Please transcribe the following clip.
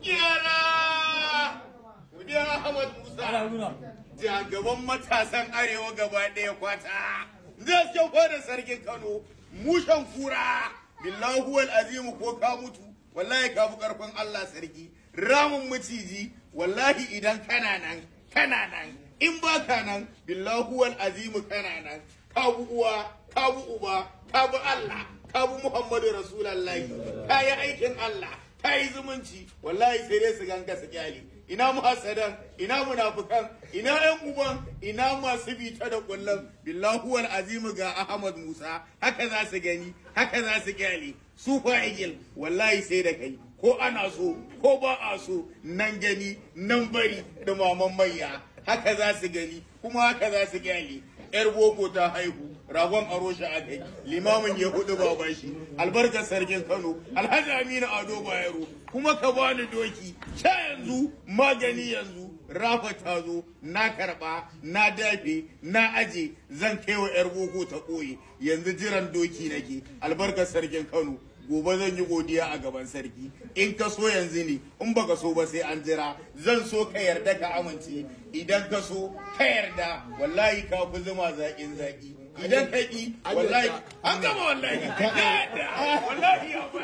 Iyana! Biya Ahmad Musa! Jagaban matasan Arewa gaba ɗaya kwata! Zai ko da sarkin Kano, mushen kura! Billahu azimu ko ka mutu, wallahi ka fi ƙarfin Allah sarki, ramin maciji, wallahi idan kana nan, kana nan, in ba ka nan, billahu azimu kana nan, ka bi uwa, ka bi uba, ka bi Allah, ka bi Muhammadu Rasulallah, ka yi aikin Allah, ta yi zumunci wallahi sai dai su ganka su kyali ina muhasadan ina munafukan ina yan uban ina masu bita da kullum billahu wal azim ga ahmad musa haka za su gani haka za su kyali su fa'il wallahi sai da kai ko ana so ko ba a so nan gani nan bari da maman mayya haka za su gani kuma haka za su kyale yar boko ta haihu ragon aro shi a kai limamin ya hudu ba ba shi albarkar sarkin kano alhaji aminu ado bayero kuma ka bani doki sha yanzu magani yanzu rafa ta zo na karba na dafe na aje zan kaiwa yar boko ta koyi yanzu jiran doki nake albarkar sarkin kano gobe zan yi godiya a gaban sarki in ka so yanzu ne in baka so ba sai an jira zan so ka yarda ka amince idan ka so ka yarda wallahi ka fi zuma zaƙin zaƙi idan ka ƙi wallahi an gama wallahi ka yarda wallahi